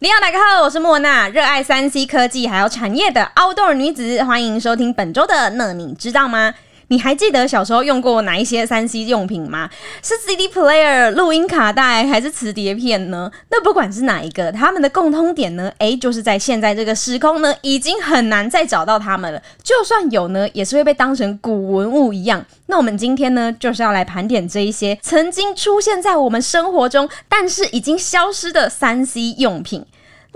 你好，大家好，我是莫娜，熱愛三 C 科技還有產業的 Outdoor 女子，歡迎收聽本周的那你知道嗎？你還記得小時候用過哪一些三 C 用品嗎？是 CD player、錄音卡帶還是磁碟片呢？那不管是哪一個，他們的共通點呢？誒、欸，就是在現在這個時空呢，已經很難再找到他們了。就算有呢，也是會被當成古文物一樣。那我們今天呢，就是要來盤點這一些曾經出現在我們生活中，但是已經消失的三 C 用品。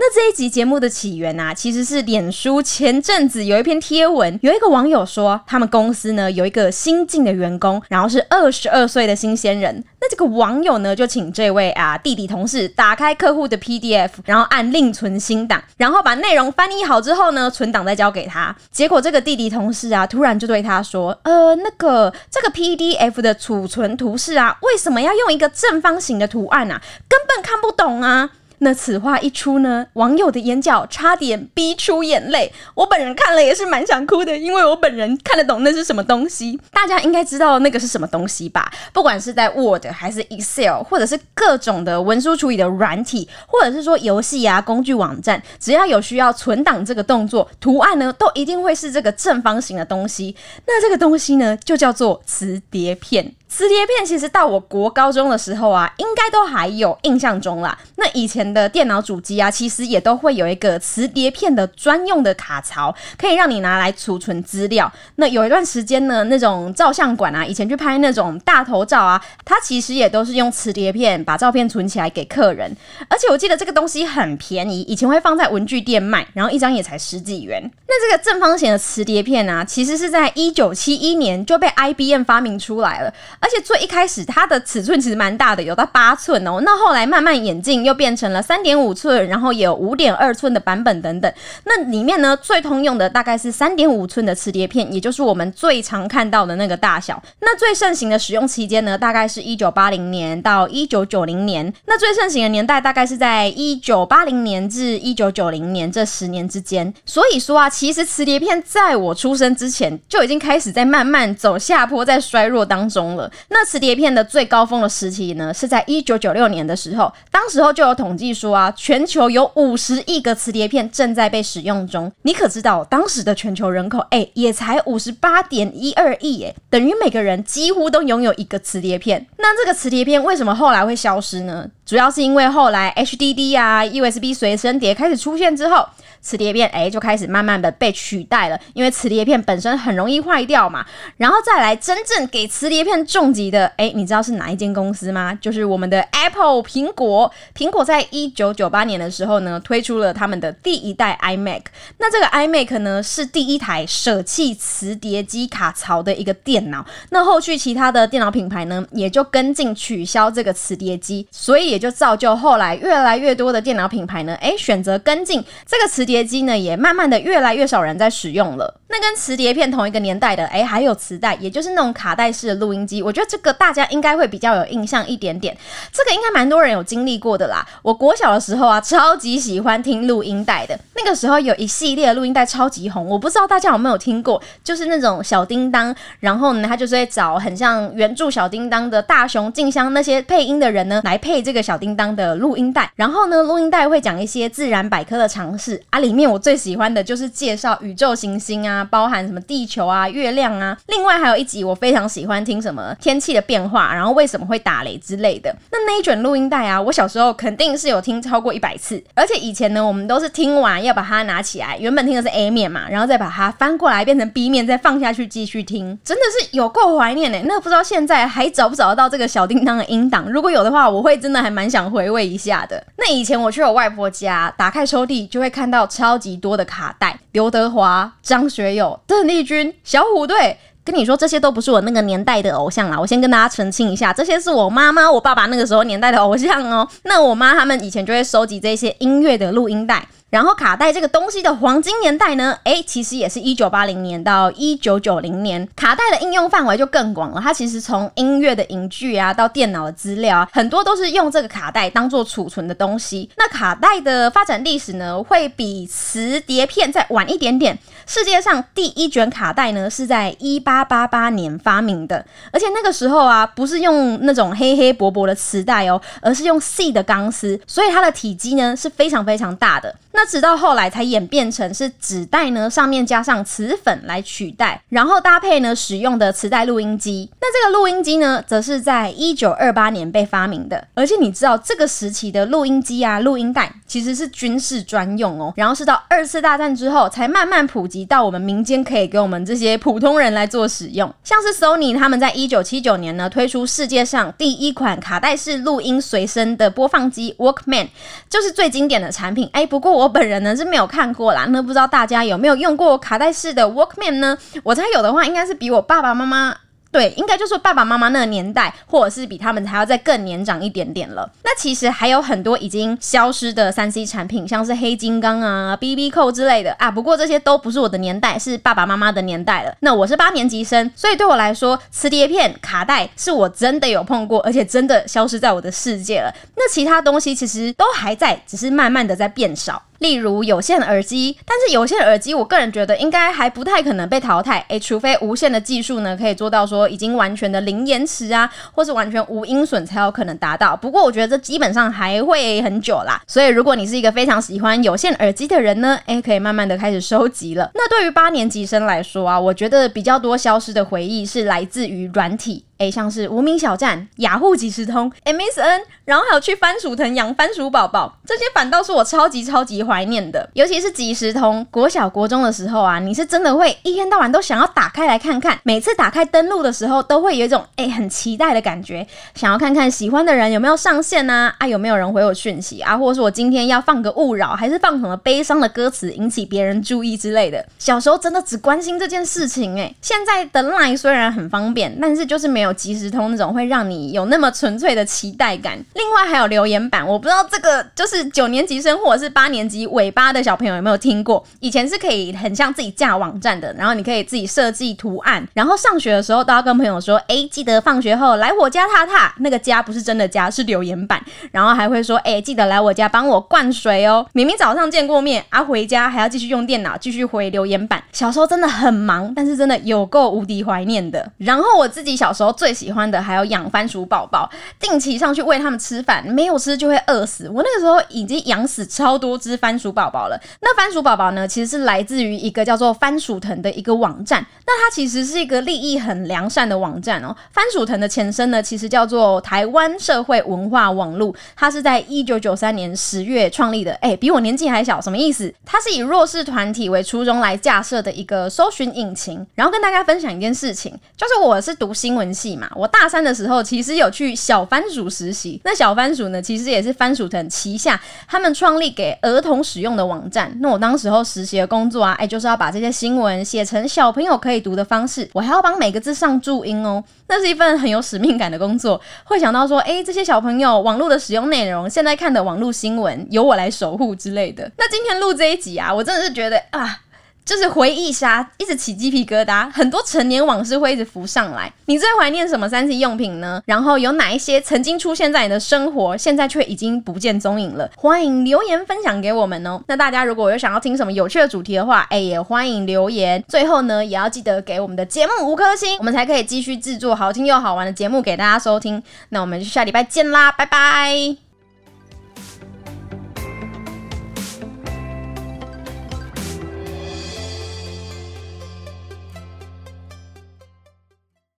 那這一集節目的起源啊，其實是臉書前陣子有一篇貼文，有一個網友說他們公司呢，有一個新進的員工，然後是二十二歲的新鮮人。那這個網友呢，就請這位啊弟弟同事打開客戶的 PDF，然後按另存新檔，然後把內容翻譯好之後呢，存檔再交給他。結果這個弟弟同事啊，突然就對他說：“呃，那個這個 PDF 的儲存圖示啊，為什麼要用一個正方形的圖案啊？根本看不懂啊！”那此話一出呢，網友的眼角差點逼出眼淚。我本人看了也是蠻想哭的，因為我本人看得懂那是什麼東西。大家應該知道那個是什麼東西吧？不管是在 Word 還是 Excel，或者是各種的文書處理的軟體，或者是說遊戲啊、工具網站，只要有需要存檔這個動作，圖案呢，都一定會是這個正方形的東西。那這個東西呢，就叫做磁碟片。磁碟片其實到我國高中的時候啊，應該都還有印象中啦。那以前的電腦主機啊，其實也都會有一個磁碟片的專用的卡槽，可以讓你拿來儲存資料。那有一段時間呢，那種照相館啊，以前去拍那種大頭照啊，它其實也都是用磁碟片把照片存起來給客人。而且我記得這個東西很便宜，以前會放在文具店賣，然後一張也才十幾元。那這個正方形的磁碟片啊，其實是在一九七一年就被 IBM 發明出來了。而且最一開始，它的尺寸其實蠻大的，有到八寸哦。那後來慢慢演進，又變成了三點五寸，然後也有五點二寸的版本等等。那裡面呢，最通用的大概是三點五寸的磁碟片，也就是我們最常看到的那個大小。那最盛行的使用期間呢，大概是一九八零年到一九九零年。那最盛行的年代大概是在一九八零年至一九九零年這十年之間。所以說啊，其實磁碟片在我出生之前就已經開始在慢慢走下坡，在衰弱當中了。那磁碟片的最高峰的時期呢，是在一九九六年的時候，當時候就有統計說啊，全球有五十億個磁碟片正在被使用中。你可知道，當時的全球人口誒、欸，也才五十八點一二億誒，等於每個人幾乎都擁有一個磁碟片。那這個磁碟片為什麼後來會消失呢？主要是因為後來 HDD 啊、USB 隨身碟開始出現之後，磁碟片哎、欸、就開始慢慢的被取代了。因為磁碟片本身很容易壞掉嘛。然後再來真正給磁碟片重擊的，哎、欸，你知道是哪一間公司嗎？就是我們的 Apple 蘋果。蘋果在一九九八年的時候呢，推出了他們的第一代 iMac。那這個 iMac 呢，是第一台捨棄磁碟機卡槽的一個電腦。那後續其他的電腦品牌呢，也就跟進取消這個磁碟機，所以就造就後來越來越多的電腦品牌呢，哎、欸，選擇跟進，這個磁碟機呢，也慢慢的越來越少人在使用了。那跟磁碟片同一個年代的，哎、欸，還有磁帶，也就是那種卡帶式的錄音機。我覺得這個大家應該會比較有印象一點點，這個應該蠻多人有經歷過的啦。我國小的時候啊，超級喜歡聽錄音帶的。那個時候有一系列的錄音帶超級紅，我不知道大家有沒有聽過，就是那種小叮噹。然後呢，他就是會找很像原著小叮噹的大雄、靜香那些配音的人呢，來配這個小叮噹的錄音帶。然後呢，錄音帶會講一些自然百科的常識啊，裡面我最喜歡的就是介紹宇宙行星啊。包含什麼地球啊、月亮啊，另外還有一集我非常喜歡聽什麼天氣的變化，然後為什麼會打雷之類的。那那一卷錄音帶啊，我小時候肯定是有聽超過一百次，而且以前呢，我們都是聽完要把它拿起來，原本聽的是 A 面嘛，然後再把它翻過來變成 B 面，再放下去繼續聽，真的是有夠懷念呢、欸。那不知道現在還找不找得到這個小叮當的音檔？如果有的話，我會真的還蠻想回味一下的。那以前我去我外婆家，打開抽屜就會看到超級多的卡帶，劉德華、張學。有鄧麗君、小虎隊，跟你說這些都不是我那個年代的偶像啊。我先跟大家澄清一下，這些是我媽媽、我爸爸那個時候年代的偶像哦。那我媽他們以前就會收集這些音樂的錄音帶。然後卡帶這個東西的黃金年代呢，欸，其實也是一九八零年到一九九零年。卡帶的應用範圍就更廣了，它其實從音樂的影劇啊，到電腦的資料啊，很多都是用這個卡帶當做儲存的東西。那卡帶的發展歷史呢，會比磁碟片再晚一點點。世界上第一卷卡帶呢，是在一八八八年發明的，而且那個時候啊，不是用那種黑黑薄薄的磁帶哦，而是用細的鋼絲，所以它的體積呢是非常非常大的。那直到後來才演變成是紙帶呢，上面加上磁粉來取代，然後搭配呢使用的磁帶錄音機。那這個錄音機呢，則是在一九二八年被發明的。而且你知道這個時期的錄音機啊、錄音帶其實是軍事專用哦。然後是到二次大戰之後，才慢慢普及到我們民間可以給我們這些普通人來做使用。像是 Sony 他們在一九七九年呢推出世界上第一款卡帶式錄音隨身的播放機 Walkman 就是最經典的產品。哎，不過。我本人呢是沒有看過啦，那不知道大家有沒有用過卡帶式的 Walkman 呢？我猜有的話，應該是比我爸爸媽媽對，應該就是爸爸媽媽那個年代，或者是比他們還要再更年長一點點了。那其實還有很多已經消失的 3C 產品，像是黑金剛啊、BB 扣之類的啊。不過這些都不是我的年代，是爸爸媽媽的年代了。那我是八年級生，所以對我來說，磁碟片、卡帶是我真的有碰過，而且真的消失在我的世界了。那其他東西其實都還在，只是慢慢的在變少。例如有線耳機，但是有線耳機，我個人覺得應該還不太可能被淘汰。誒，除非無線的技術呢，可以做到說已經完全的零延遲啊，或是完全無音損才有可能達到。不過我覺得這基本上還會很久啦。所以如果你是一個非常喜歡有線耳機的人呢，誒，可以慢慢的開始收集了。那對於八年級生來說啊，我覺得比較多消失的回憶是來自於軟體。哎，像是無名小站、雅虎即時通、欸、MSN，然後還有去番薯藤養番薯寶寶，這些反倒是我超級超級懷念的。尤其是即時通，國小國中的時候啊，你是真的會一天到晚都想要打開來看看。每次打開登錄的時候，都會有一種哎很期待的感覺，想要看看喜歡的人有沒有上線啊，啊有沒有人回我訊息啊，或者是我今天要放個勿擾，還是放什麼悲傷的歌詞引起別人注意之類的。小時候真的只關心這件事情誒、欸，現在的 LINE 雖然很方便，但是就是沒有。即時通那種會讓你有那麼純粹的期待感。另外還有留言板，我不知道這個就是九年級生或者是八年級尾巴的小朋友有沒有聽過？以前是可以很像自己架網站的，然後你可以自己設計圖案，然後上學的時候都要跟朋友說：“欸，記得放學後來我家踏踏。”那個家不是真的家，是留言板。然後還會說：“欸，記得來我家幫我灌水哦。”明明早上見過面啊，回家還要繼續用電腦繼續回留言板。小時候真的很忙，但是真的有夠無敵懷念的。然後我自己小時候。最喜歡的還有養番薯寶寶，定期上去餵他們吃飯，沒有吃就會餓死。我那個時候已經養死超多只番薯寶寶了。那番薯寶寶呢，其實是來自於一個叫做番薯藤的一個網站。那它其實是一個利益很良善的網站哦。番薯藤的前身呢，其實叫做台灣社會文化網路，它是在一九九三年十月創立的。哎，比我年紀還小，什麼意思？它是以弱勢團體為初衷來架設的一個搜尋引擎。然後跟大家分享一件事情，就是我是讀新聞系。我大三的時候其實有去小番薯實習。那小番薯呢，其實也是番薯藤旗下他們創立給兒童使用的網站。那我當時候實習的工作啊，哎、欸，就是要把這些新聞寫成小朋友可以讀的方式，我還要幫每個字上注音哦。那是一份很有使命感的工作，會想到說，哎、欸，這些小朋友網絡的使用內容，現在看的網絡新聞由我來守護之類的。那今天錄這一集啊，我真的是覺得啊。就是回憶殺，一直起雞皮疙瘩，很多陳年往事會一直浮上來。你最懷念什麼三 C 用品呢？然後有哪一些曾經出現在你的生活，現在卻已經不見蹤影了？歡迎留言分享給我們哦。那大家如果有想要聽什麼有趣的主題的話，誒、欸、也歡迎留言。最後呢，也要記得給我們的節目五顆星，我們才可以繼續制作好聽又好玩的節目給大家收聽。那我們就下禮拜見啦，拜拜。